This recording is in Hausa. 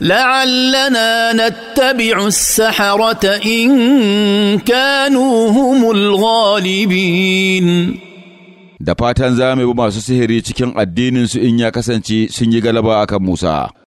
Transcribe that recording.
لعلنا نتبع السحرة إن كانوا هم الغالبين da fatan za mu bi masu sihiri cikin addininsu in ya kasance sun yi galaba akan Musa.